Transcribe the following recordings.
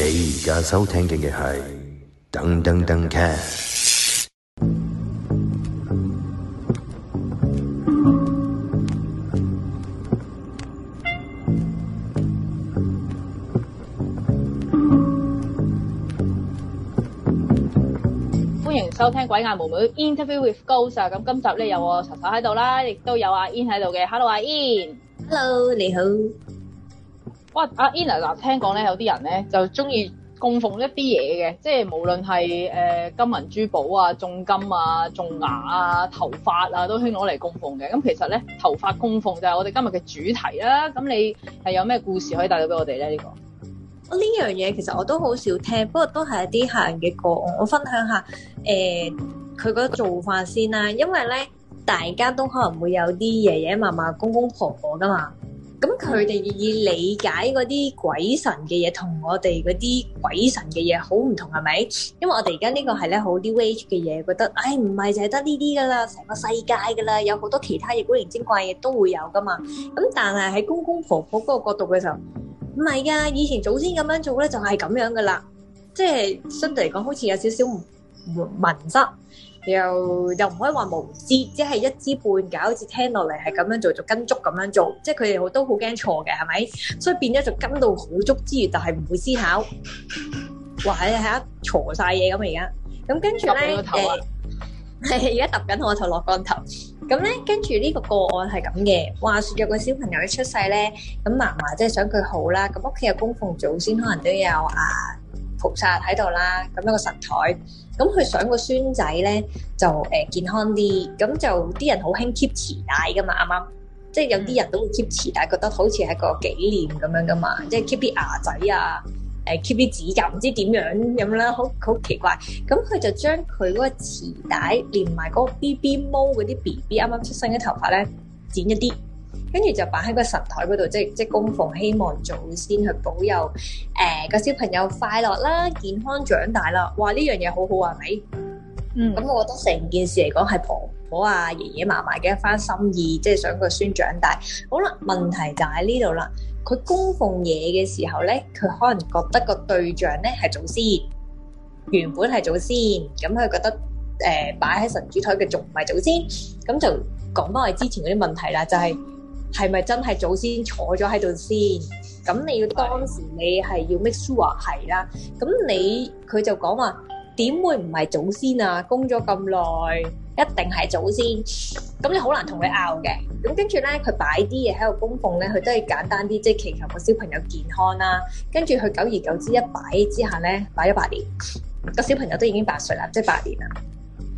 你而家收聽嘅係《噔噔噔 cast》，歡迎收聽《鬼眼妹妹 Interview with Ghost》。咁今集咧有我查查喺度啦，亦都有阿 Ian 喺度嘅。Hello，阿 Ian。Hello，你好。哇！阿 Ina 嗱，聽講咧有啲人咧就中意供奉一啲嘢嘅，即係無論係誒金銀珠寶啊、重金啊、重牙啊、頭髮啊，髮都興攞嚟供奉嘅。咁其實咧，頭髮供奉就係我哋今日嘅主題啦。咁你係有咩故事可以帶到俾我哋咧？呢個呢樣嘢其實我都好少聽，不過都係一啲客人嘅個案。我分享下誒佢個做法先啦，因為咧大家都可能會有啲爺爺嫲嫲、公公婆婆噶嘛。咁佢哋願意理解嗰啲鬼神嘅嘢，同我哋嗰啲鬼神嘅嘢好唔同，係咪？因為我哋而家呢個係咧好啲 new age 嘅嘢，覺得唉唔係就係得呢啲㗎啦，成個世界㗎啦，有好多其他嘢古靈精怪嘢都會有㗎嘛。咁、嗯、但係喺公公婆婆嗰個角度嘅時候，唔係㗎，以前祖先咁樣做咧就係咁樣㗎啦，即係相對嚟講好似有少少唔文質。又又唔可以話無知，即係一知半解，好似聽落嚟係咁樣做，就跟足咁樣做，即係佢哋好都好驚錯嘅，係咪？所以變咗就跟到好足之餘，但係唔會思考。哇！係啊，係啊，錯曬嘢咁而家。咁跟住咧誒，而家揼緊我頭落降頭。咁咧跟住呢個個案係咁嘅，話説有個小朋友一出世咧，咁嫲嫲即係想佢好啦，咁屋企有供奉祖先，可能都有啊菩薩喺度啦，咁一個神台。咁佢想個孫仔咧就誒、呃、健康啲，咁就啲人好興 keep 臍帶噶嘛，啱啱、嗯？即係有啲人都會 keep 臍帶，覺得好似係個紀念咁樣噶嘛，即係 keep 啲牙仔啊，誒 keep 啲指甲，唔知點樣咁啦，好好奇怪。咁佢就將佢嗰個臍帶連埋嗰個 B B 毛，嗰啲 B B 啱啱出生嘅頭髮咧剪一啲。跟住就擺喺個神枱嗰度，即即供奉，希望祖先去保佑誒、呃、個小朋友快樂啦、健康長大啦。哇！呢樣嘢好好啊係咪？嗯，咁我覺得成件事嚟講係婆婆啊、爺爺嫲嫲嘅一番心意，即係想個孫長大。好啦，問題就喺呢度啦。佢供奉嘢嘅時候咧，佢可能覺得個對象咧係祖先，原本係祖先，咁佢覺得誒擺喺神主台嘅仲唔係祖先？咁就講翻我之前嗰啲問題啦，就係、是。係咪真係祖先坐咗喺度先？咁你要當時你係要 make sure 係啦。咁你，佢就講話點會唔係祖先啊？供咗咁耐，一定係祖先。咁你好難同佢拗嘅。咁跟住咧，佢擺啲嘢喺度供奉咧，佢都係簡單啲，即係祈求個小朋友健康啦、啊。跟住佢久而久之一擺之下咧，擺咗八年，個小朋友都已經八歲啦，即係八年啦。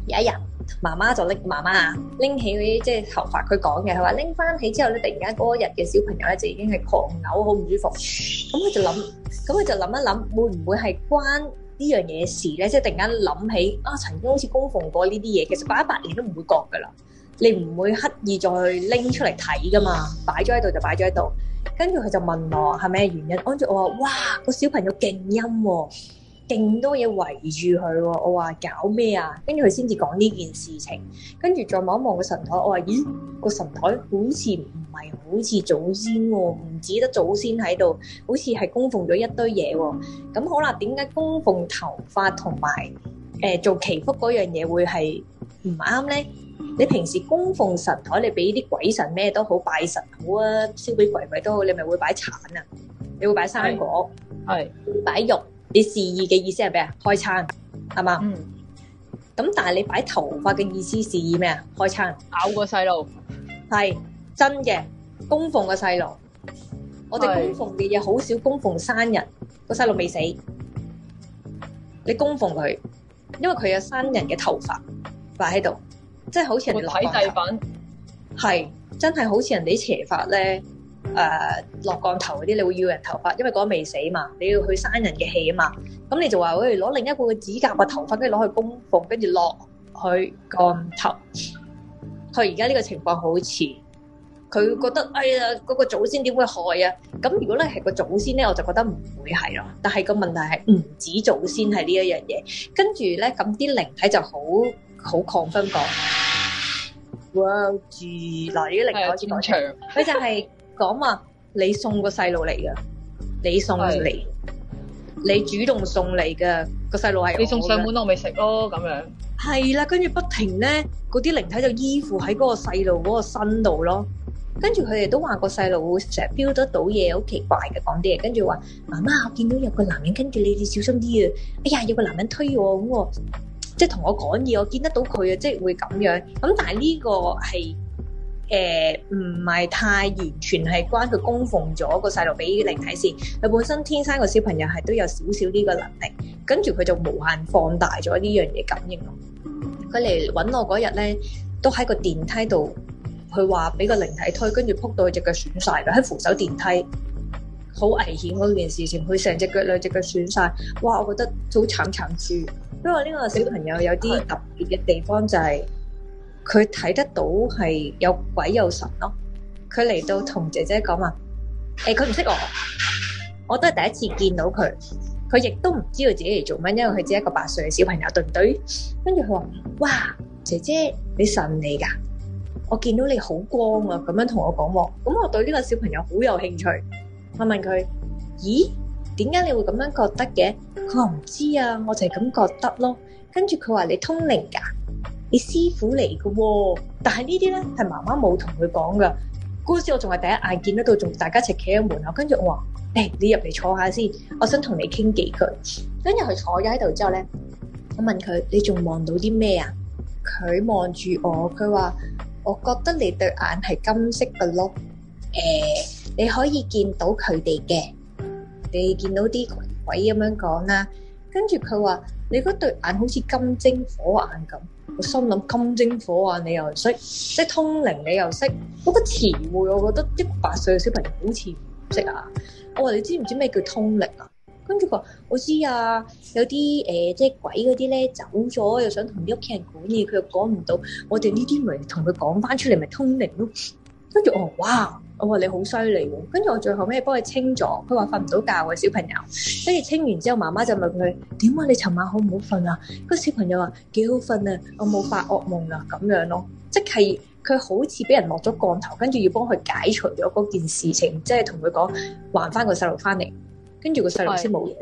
有一日。媽媽就拎媽媽啊，拎起嗰啲即係頭髮。佢講嘅，佢話拎返起之後咧，突然間嗰日嘅小朋友咧就已經係狂嘔，好唔舒服。咁佢就諗，咁佢就諗一諗，會唔會係關呢樣嘢事咧？即係突然間諗起啊，曾經好似供奉過呢啲嘢。其實擺一百年都唔會覺噶啦，你唔會刻意再拎出嚟睇噶嘛，擺咗喺度就擺咗喺度。跟住佢就問我係咩原因，跟住我話：哇，個小朋友勁陰喎！勁多嘢圍住佢喎，我話搞咩啊？跟住佢先至講呢件事情，跟住再望一望個神台，我話咦，個神台好似唔係好似祖先喎，唔止得祖先喺度，好似係供奉咗一堆嘢喎。咁好啦，點解供奉頭髮同埋誒做祈福嗰樣嘢會係唔啱咧？你平時供奉神台，你俾啲鬼神咩都好，拜神好啊，燒俾鬼鬼都好，你咪會擺橙啊？你會擺生果，係擺肉。你示意嘅意思係咩啊？開餐係嘛？咁、嗯、但係你擺頭髮嘅意思示意咩啊？開餐咬個細路，係真嘅供奉個細路，是我哋供奉嘅嘢，好少供奉生人，個細路未死，你供奉佢，因為佢有生人嘅頭髮擺喺度，即係好似人哋睇祭品係真係好似人哋邪法咧。誒落、uh, 降頭嗰啲，你會要人頭髮，因為嗰個未死嘛，你要去生人嘅氣啊嘛，咁你就話，喂，攞另一個嘅指甲個頭髮，跟住攞去供奉，跟住落去降頭。佢而家呢個情況好似佢覺得，哎呀嗰、嗰個祖先點會害啊？咁如果咧係個祖先咧，我就覺得唔會係咯。但係個問題係唔止祖先係呢一樣嘢，跟住咧咁啲靈體就好好抗分講。哇！住嗱，呢啲靈體佢就係、係。講話你送個細路嚟嘅，你送嚟，的你主動送嚟嘅個細路係你送上門，我咪食咯咁樣。係啦，跟住不停咧，嗰啲靈體就依附喺嗰個細路嗰個身度咯。跟住佢哋都話個細路成日 feel 得到嘢，好奇怪嘅講啲嘢，跟住話媽媽，我見到有個男人跟住你，你小心啲啊！哎呀，有個男人推我咁喎，即係同我講嘢，我見得到佢啊，即係會咁樣。咁但係呢個係。誒唔係太完全係關佢供奉咗個細路俾靈體先，佢本身天生個小朋友係都有少少呢個能力，跟住佢就無限放大咗呢樣嘢感應咯。佢嚟揾我嗰日咧，都喺個電梯度，佢話俾個靈體推，跟住撲到佢隻腳損晒。嘅，喺扶手電梯，好危險嗰件事情，佢成隻腳兩隻腳損晒。哇！我覺得好慘慘豬。不過呢個小朋友有啲特別嘅地方就係、是。佢睇得到係有鬼有神咯，佢嚟到同姐姐講話，誒佢唔識我，我都係第一次見到佢，佢亦都唔知道自己嚟做乜，因為佢只係一個八歲嘅小朋友，對唔對？跟住佢話，哇，姐姐你神嚟噶，我見到你好光啊，咁樣同我講喎，咁我對呢個小朋友好有興趣，我問佢，咦，點解你會咁樣覺得嘅？佢話唔知啊，我就係咁覺得咯，跟住佢話，你通靈噶。你師傅嚟嘅，但係呢啲咧係媽媽冇同佢講嘅。嗰時我仲係第一眼見得到，仲大家一齊企喺門口，跟住我話：誒、欸，你入嚟坐下先，我想同你傾幾句。跟住佢坐咗喺度之後咧，我問佢：你仲望到啲咩啊？佢望住我，佢話：我覺得你對眼係金色嘅咯。誒、欸，你可以見到佢哋嘅，你見到啲鬼咁樣講啦、啊。跟住佢話：你嗰對眼好似金睛火眼咁。我心諗金精火啊，你又識即係通靈，你又識嗰個詞彙，我覺得一百歲嘅小朋友好似唔識啊！我話你知唔知咩叫通靈啊？跟住佢話我知啊，有啲誒、呃、即係鬼嗰啲咧走咗，又想同啲屋企人講嘢，佢又講唔到我，我哋呢啲咪同佢講翻出嚟咪通靈咯。跟住我話哇！我話你好犀利，跟住我最後尾幫佢清咗，佢話瞓唔到覺嘅小朋友，跟住清完之後，媽媽就問佢點啊？你尋晚好唔好瞓啊？個小朋友話幾好瞓啊，我冇發惡夢啊，咁樣咯，即係佢好似俾人落咗降頭，跟住要幫佢解除咗嗰件事情，即係同佢講還翻個細路翻嚟，跟住個細路先冇嘢。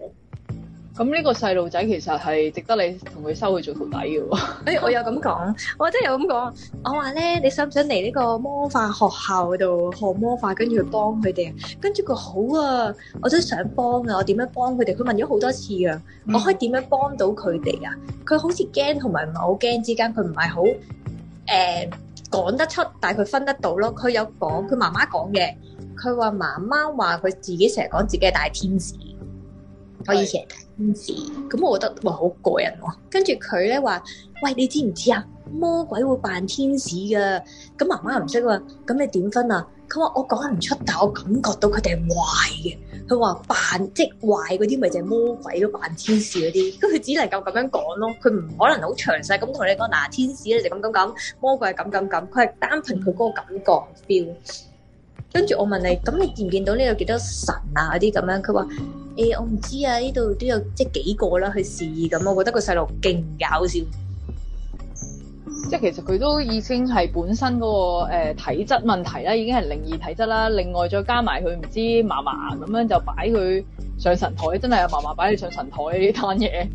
咁呢個細路仔其實係值得你同佢收佢做徒弟嘅喎、欸。我有咁講，我真係有咁講。我話咧，你想唔想嚟呢個魔法學校度學魔法，跟住去幫佢哋？跟住佢好啊，我都想幫啊。我點樣幫佢哋？佢問咗好多次啊。我可以點樣幫到佢哋啊？佢、嗯、好似驚同埋唔係好驚之間，佢唔係好誒講得出，但係佢分得到咯。佢有講，佢媽媽講嘅，佢話媽媽話佢自己成日講自己係大天使。我以前。.天使咁，我覺得哇好過癮喎。跟住佢咧話，喂，你知唔知啊？魔鬼會扮天使噶。咁媽媽唔識啊，咁你點分啊？佢話我講唔出，但我感覺到佢哋係壞嘅。佢話扮，即係壞嗰啲，咪就係、是、魔鬼咯，扮天使嗰啲。咁佢只能夠咁樣講咯，佢唔可能好詳細咁同你講。嗱、so so，天使你就咁咁咁，魔鬼係咁咁咁，佢係單憑佢嗰個感覺 feel。跟住我問你，咁你見唔見到呢？有幾多神啊？嗰啲咁樣，佢話。誒、欸，我唔知啊！呢度都有即幾個啦，佢試咁，我覺得個細路勁搞笑。即其實佢都已經係本身嗰、那個誒、呃、體質問題啦，已經係靈異體質啦。另外再加埋佢唔知嫲嫲咁樣就擺佢上神枱，真係嫲嫲擺佢上神枱呢單嘢，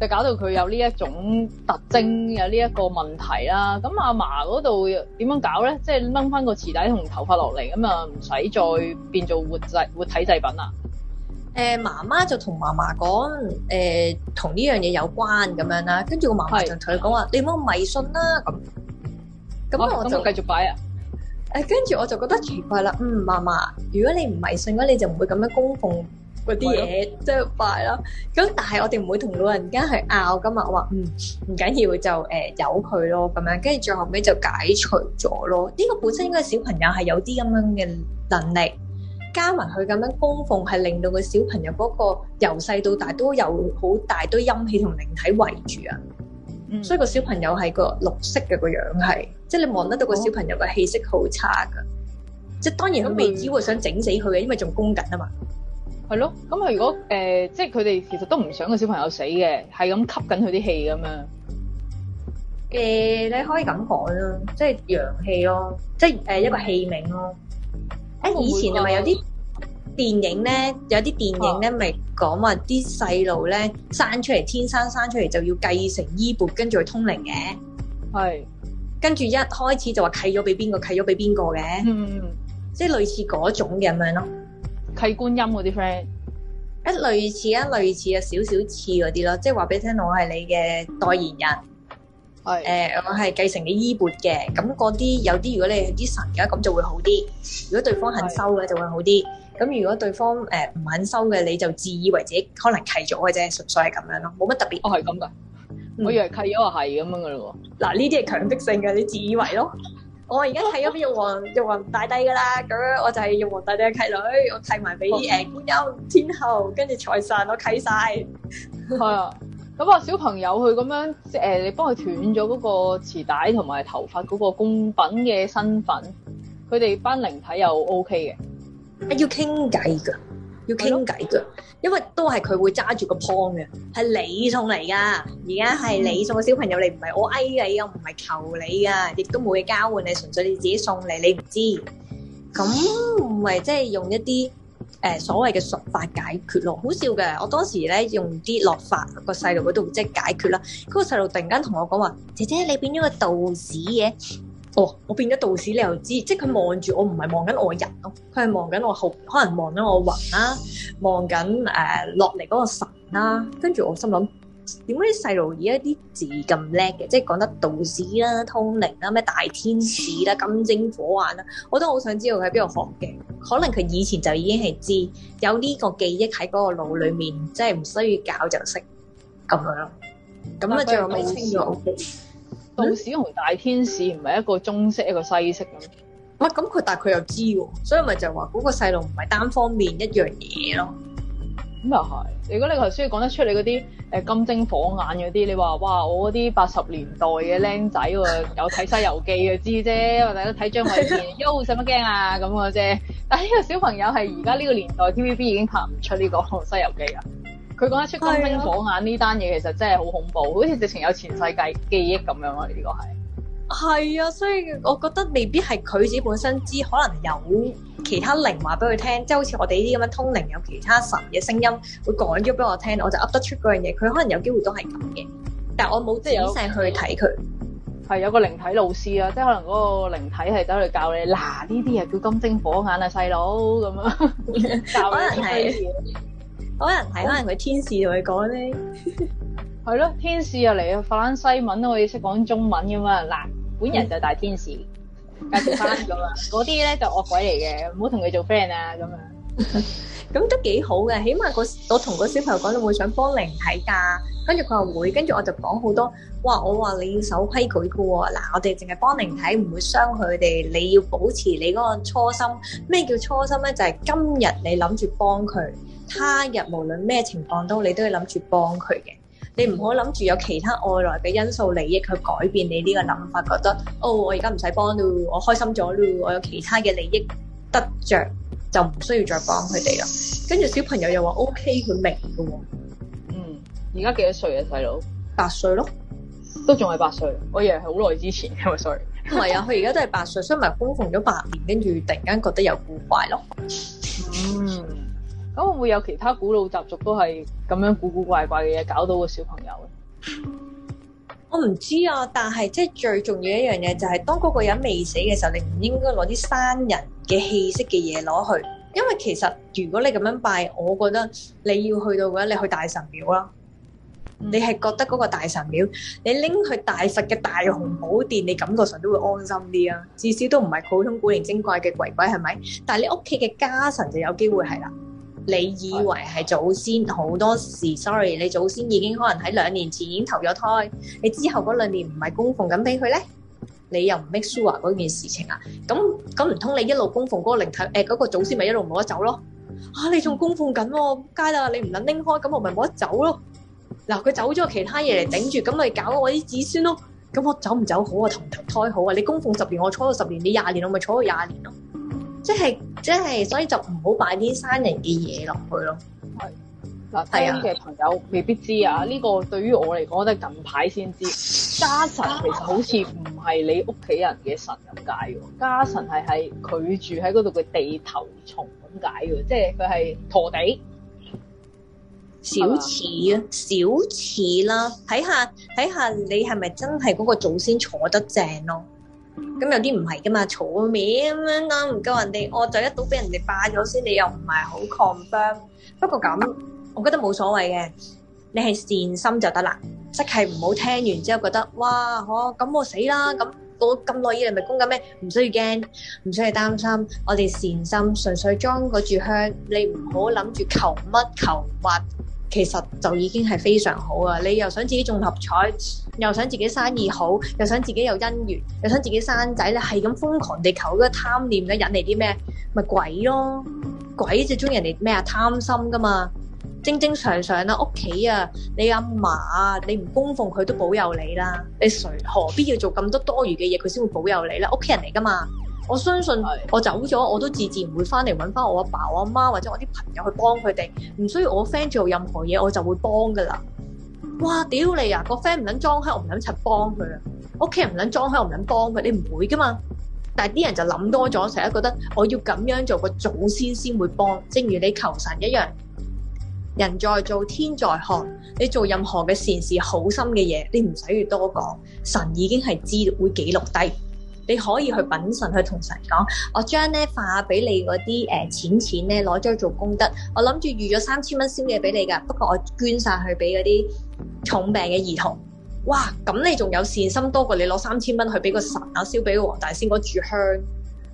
就搞到佢有呢一種特徵，有呢一個問題啦。咁阿嫲嗰度點樣搞咧？即掹翻個臍帶同頭髮落嚟，咁啊唔使再變做活製活體製品啦。誒媽媽就同嫲嫲講，誒同呢樣嘢有關咁樣啦，跟住個嫲嫲就同佢講話：你冇迷信啦咁。咁我就繼續擺啊！誒，跟住我就覺得奇怪啦。嗯，嫲嫲，如果你唔迷信嘅，你就唔會咁樣供奉嗰啲嘢，即係拜啦。咁但係我哋唔會同老人家去拗噶嘛。我話：嗯，唔緊要，就誒由佢咯。咁樣跟住最後尾就解除咗咯。呢個本身應該小朋友係有啲咁樣嘅能力。加埋佢咁樣供奉，係令到，小個，小到、嗯、個小朋友嗰個由細、嗯、到大都有好大堆陰氣同靈體圍住啊！所以個小朋友係個綠色嘅個樣，係即係你望得到個小朋友個氣息好差噶。即係當然佢未至於會想整死佢嘅，因為仲供緊啊嘛。係、嗯、 咯，咁佢如果誒、呃，即係佢哋其實都唔想個小朋友死嘅，係咁吸緊佢啲氣咁樣。嘅、呃，你可以咁講咯，即係陽氣咯，嗯、即係誒、呃、一個器皿咯。誒，以前咪有啲電影咧，會唔會有啲電影咧咪講話啲細路咧生出嚟，天生生、生出嚟就要繼承衣鉢，跟住去通靈嘅。係，跟住一開始就話契咗俾邊個，契咗俾邊個嘅，嗯、嗯、嗯，即係類似嗰種咁樣咯，契觀音嗰啲 friend，誒，類似啊，類似啊，少少似嗰啲咯，即係話俾你聽，我係你嘅代言人。嗯誒是、呃，我係繼承你衣缽嘅，咁嗰啲有啲，如果你係啲神嘅，咁就會好啲；如果對方肯收嘅，就會好啲。咁是如果對方誒唔、呃、肯收嘅，你就自以為自己可能契咗嘅啫，純粹係咁樣咯，冇乜特別。我係咁噶，嗯、我以為契咗，我係咁樣噶咯。嗱，呢啲係強迫性嘅，你自以為咯。我而家契咗玉皇， 玉皇大帝噶啦，咁樣我就係玉皇大帝嘅契女，我契埋俾誒觀音、嗯、 天后，跟住財神，我契晒。係啊。咁啊，小朋友佢咁樣，誒、呃，你幫佢斷咗嗰個臍帶同埋頭髮嗰個供品嘅身份，佢哋班靈體又 O K 嘅，係要傾偈噶，要傾偈噶， 因為都係佢會揸住個盤嘅，係你送嚟噶，而家係你送個小朋友，你唔係我哀你啊，唔係求你啊，亦都冇嘢交換，你純粹你自己送嚟，你唔知，咁唔係即係用一啲。誒、呃、所謂嘅術法解決咯，好笑嘅，我當時咧用啲落法個細路嗰度即係解決啦。嗰、那個細路突然間同我講話：姐姐，你變咗個道士嘅。哦，我變咗道士，你又知？即係佢望住我，唔係望緊我人咯，佢係望緊我後，可能望緊我魂啦，望緊誒落嚟嗰個神啦、啊。跟住我心諗。點解啲細路而家啲字咁叻嘅？即係講得道士啦、啊、通靈啦、啊、咩大天使啦、啊、金睛火眼啦、啊，我都好想知道佢喺邊度學嘅。可能佢以前就已經係知有呢個記憶喺嗰個腦裡面，即係唔需要教就識咁樣。咁啊，仲有咩？嗯、道士同大天使唔係一個中式一個西式咯？唔咁佢，但係佢又知喎，所以咪就係話嗰個細路唔係單方面一樣嘢咯。咁又係，如果你頭先講得出你嗰啲誒金睛火眼嗰啲，你話哇，我嗰啲八十年代嘅僆仔有睇《西遊記》嘅知啫，或者睇張衛健，喐使乜驚啊咁嘅啫。但係呢個小朋友係而家呢個年代 TVB 已經拍唔出呢個《西遊記》啦。佢講得出金睛火眼呢單嘢，其實真係好恐怖， 好似直情有前世記憶咁樣咯、啊。呢個係。係啊，所以我覺得未必係佢自己本身知，可能有其他靈話俾佢聽，即係好似我哋呢啲咁樣通靈，有其他神嘅聲音會講咗俾我聽，我就噏得出嗰樣嘢。佢可能有機會都係咁嘅，但係我冇即係有去睇佢，係有個靈體老師啊，即係可能嗰個靈體係走去教你嗱，呢啲啊叫金睛火眼啊，細佬咁啊，教你低調 可能係，可能佢天使同佢講咧，係咯， 天使又嚟啊，法蘭西文，我哋識講中文咁啊嗱。本人就大天使，介紹翻咁啊！嗰啲咧就惡鬼嚟嘅，唔 好同佢做 friend 啊！咁樣咁都幾好嘅，起碼我同個小朋友講，會想幫靈體㗎。跟住佢話會，跟住我就講好多。哇我話我話你要守規矩嘅喎。嗱，我哋淨係幫靈體，唔會傷佢哋。你要保持你嗰個初心。咩叫初心咧？就係、是、今日你諗住幫佢，他日無論咩情況都你都要諗住幫佢嘅。你唔好諗住有其他外來嘅因素利益去改變你呢個諗法，覺得哦，我而家唔使幫咯，我開心咗咯，我有其他嘅利益得着，就唔需要再幫佢哋啦。跟住小朋友又話 OK，佢明噶喎。嗯，而家幾多歲啊，細佬？八歲咯，都仲係八歲。我以為係好耐之前，sorry。唔 係啊，佢而家都係八歲，所以咪供奉咗八年，跟住突然間覺得有古怪咯。嗯。咁會唔會有其他古老習俗都係咁樣古古怪怪嘅嘢搞到個小朋友？我唔知啊，但係即係最重要一樣嘢就係、是，當嗰個人未死嘅時候，你唔應該攞啲生人嘅氣息嘅嘢攞去，因為其實如果你咁樣拜，我覺得你要去到嘅話，你去大神廟啦，你係覺得嗰個大神廟，你拎去大佛嘅大雄寶殿，你感覺上都會安心啲啊。至少都唔係普通古靈精怪嘅鬼鬼，係咪？但係你屋企嘅家神就有機會係啦。你以為係祖先好多時？Sorry，你祖先已經可能喺兩年前已經投咗胎，你之後嗰兩年唔係供奉緊俾佢咧，你又唔 make sure 嗰件事情啊？咁咁唔通你一路供奉嗰個靈體誒嗰、呃那個祖先咪一路冇得走咯？啊，你仲供奉緊喎、啊，街啦，你唔能拎開，咁我咪冇得走咯。嗱，佢走咗其他嘢嚟頂住，咁你搞我啲子孫咯。咁我走唔走好啊？投唔投胎好啊？你供奉十年，我坐咗十年；你廿年，我咪坐咗廿年咯。即係。即係，所以就唔好擺啲生人嘅嘢落去咯。係嗱，睇音嘅朋友未必知啊。呢的個對於我嚟講，都係近排先知。家神其實好似唔係你屋企人嘅神咁解嘅，家神係喺佢住喺嗰度嘅地頭蟲咁解嘅，即係佢係陀地小似啊，的小似啦。睇下睇下，下你係咪真係嗰個祖先坐得正咯？咁有啲唔係噶嘛，錯面咁樣啦，唔夠人哋，我就一賭俾人哋霸咗先，你又唔係好 confident。不過咁，我覺得冇所謂嘅，你係善心就得啦，即係唔好聽完之後覺得，哇，嗬，咁我死啦，咁我咁耐以嚟咪供緊咩？唔需要驚，唔需要擔心，我哋善心，純粹裝嗰柱香，你唔好諗住求乜求物。其實就已經係非常好啊！你又想自己中六合彩，又想自己生意好，又想自己有姻緣，又想自己生仔咧，係咁瘋狂地求嗰個貪念咧，引嚟啲咩咪鬼咯？鬼就鍾意人哋咩啊，貪心噶嘛。正正常常啦屋企啊，你阿嫲啊，你唔供奉佢都保佑你啦。你誰何必要做咁多多餘嘅嘢，佢先會保佑你咧？屋企人嚟噶嘛？我相信我走咗，我都自自然會翻嚟揾翻我阿爸、我阿媽或者我啲朋友去幫佢哋，唔需要我 friend 做任何嘢，我就會幫噶啦。哇！屌你啊，個 friend 唔捻裝開，我唔捻拆幫佢啊，屋企人唔捻裝開，我唔捻幫佢，你唔會噶嘛。但係啲人就諗多咗，成日覺得我要咁樣做個祖先先會幫，正如你求神一樣，人在做天在看。你做任何嘅善事、好心嘅嘢，你唔使要多講，神已經係知會記錄低。你可以去品神去同神講，我將咧化俾你嗰啲誒錢錢咧攞咗做功德，我諗住預咗三千蚊先嘅俾你㗎，不過我捐晒去俾嗰啲重病嘅兒童。哇！咁你仲有善心多過你攞三千蚊去俾個神啊，燒俾個黃大仙嗰柱香。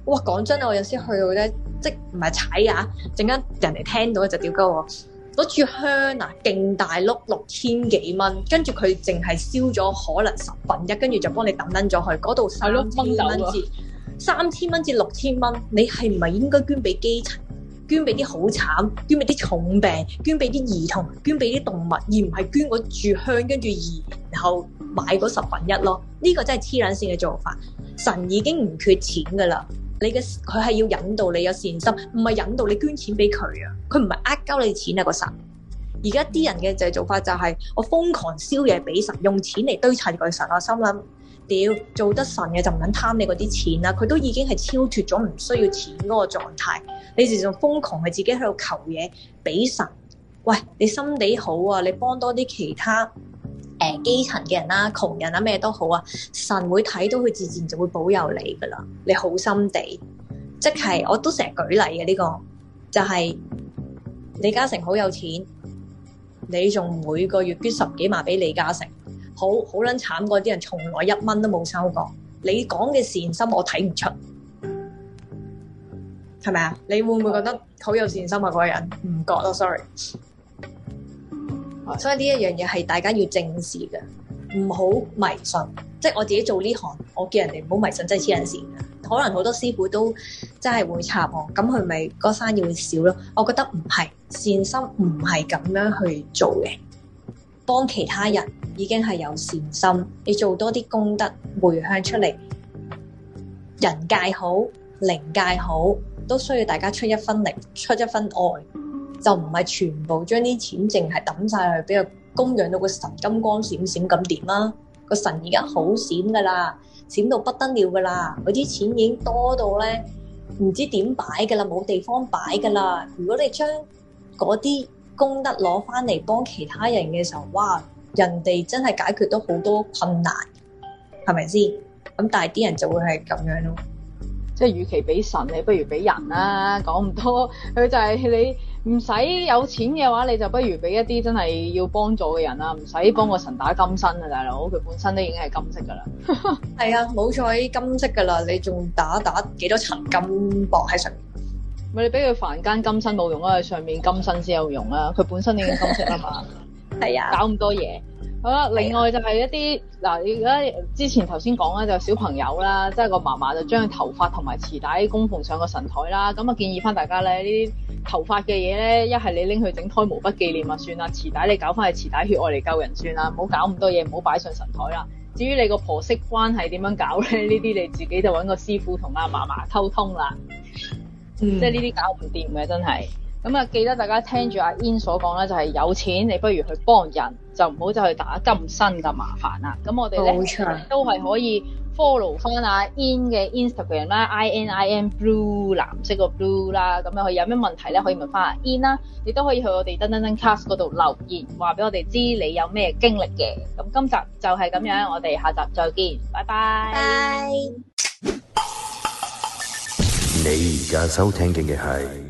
哇！講真啊，我有時去到咧，即係唔係踩啊？陣間人哋聽到就屌鳩我。嗰注香啊，勁大碌六千幾蚊，跟住佢淨係燒咗可能十份一，跟住就幫你抌撚咗去嗰度三千蚊至 三千蚊至六千蚊，你係唔係應該捐俾基層？捐俾啲好慘，捐俾啲重病，捐俾啲兒童，捐俾啲動物，而唔係捐嗰注香，跟住而然後買嗰十份一咯？呢、這個真係黐撚線嘅做法，神已經唔缺錢噶啦。你嘅，佢係要引導你有善心，唔係引導你捐錢俾佢啊。佢唔係呃鳩你錢啊。個神而家啲人嘅做法就係我瘋狂燒嘢俾神，用錢嚟堆砌佢神。我心諗屌做得神嘅就唔撚貪你嗰啲錢啦。佢都已經係超脫咗唔需要錢嗰個狀態，你仲仲瘋狂係自己喺度求嘢俾神。喂，你心地好啊，你幫多啲其他。誒、呃，基層嘅人啦，窮人啊咩、啊、都好啊，神會睇到佢，自然就會保佑你噶啦。你好心地，即係我都成日舉例嘅、啊、呢、這個，就係、是、李嘉誠好有錢，你仲每個月捐十幾萬俾李嘉誠，好好撚慘過啲人，從來一蚊都冇收過。你講嘅善心，我睇唔出，係咪啊？你會唔會覺得好有善心啊？嗰、那個人唔覺咯，sorry。所以呢一樣嘢係大家要正視嘅，唔好迷信。即係我自己做呢行，我叫人哋唔好迷信，真係黐人線嘅。可能好多師傅都真係會插我，咁佢咪嗰生意會少咯。我覺得唔係，善心唔係咁樣去做嘅。幫其他人已經係有善心，你做多啲功德回向出嚟，人界好、靈界好，都需要大家出一分力，出一分愛。就唔係全部將啲錢淨係抌晒去，俾佢，供養到個神金光閃閃咁點啦、啊？個神而家好閃噶啦，閃到不得了噶啦！嗰啲錢已經多到咧，唔知點擺噶啦，冇地方擺噶啦。如果你將嗰啲功德攞翻嚟幫其他人嘅時候，哇！人哋真係解決到好多困難，係咪先？咁但係啲人就會係咁樣咯，即係與其俾神，你不如俾人啦、啊。講唔多，佢就係你。唔使有錢嘅話，你就不如俾一啲真係要幫助嘅人啦、啊。唔使幫個神打金身啊，大佬佢本身都已經係金色噶啦。係啊，冇錯，係金色噶啦，你仲打打幾多層金箔喺上面？唔係 你俾佢凡間金身冇用啊，佢上面金身先有用啊。佢本身已經金色 是啊嘛，係啊，搞咁多嘢。好啦，另外就係一啲嗱，而家之前頭先講咧就小朋友啦，即係個嫲嫲就將佢頭髮同埋臍帶供奉上個神台啦。咁啊建議翻大家咧呢啲頭髮嘅嘢咧，一係你拎去整胎毛筆紀念啊，算啦；臍帶你,你搞翻去臍帶血愛嚟救人算啦，唔好搞咁多嘢，唔好擺上神台啦。至於你個婆媳關係點樣搞咧，呢啲你自己就揾個師傅同阿嫲嫲溝通啦。嗯、即係呢啲搞唔掂嘅，真係。咁啊，嗯、記得大家聽住阿 i n 所講啦，就係有錢你不如去幫人，就唔好再去打金身咁麻煩啦。咁我哋咧都係可以 follow 翻阿 i n 嘅 Instagram 啦，I N I N Blue 藍色個 Blue 啦，咁樣去有咩問題咧可以問翻阿 i n 啦、啊。亦都可以去我哋噔噔噔 cast 嗰度留言，話俾我哋知你有咩經歷嘅。咁今集就係咁樣，我哋下集再見，拜拜。Bye. 你而家收聽嘅係。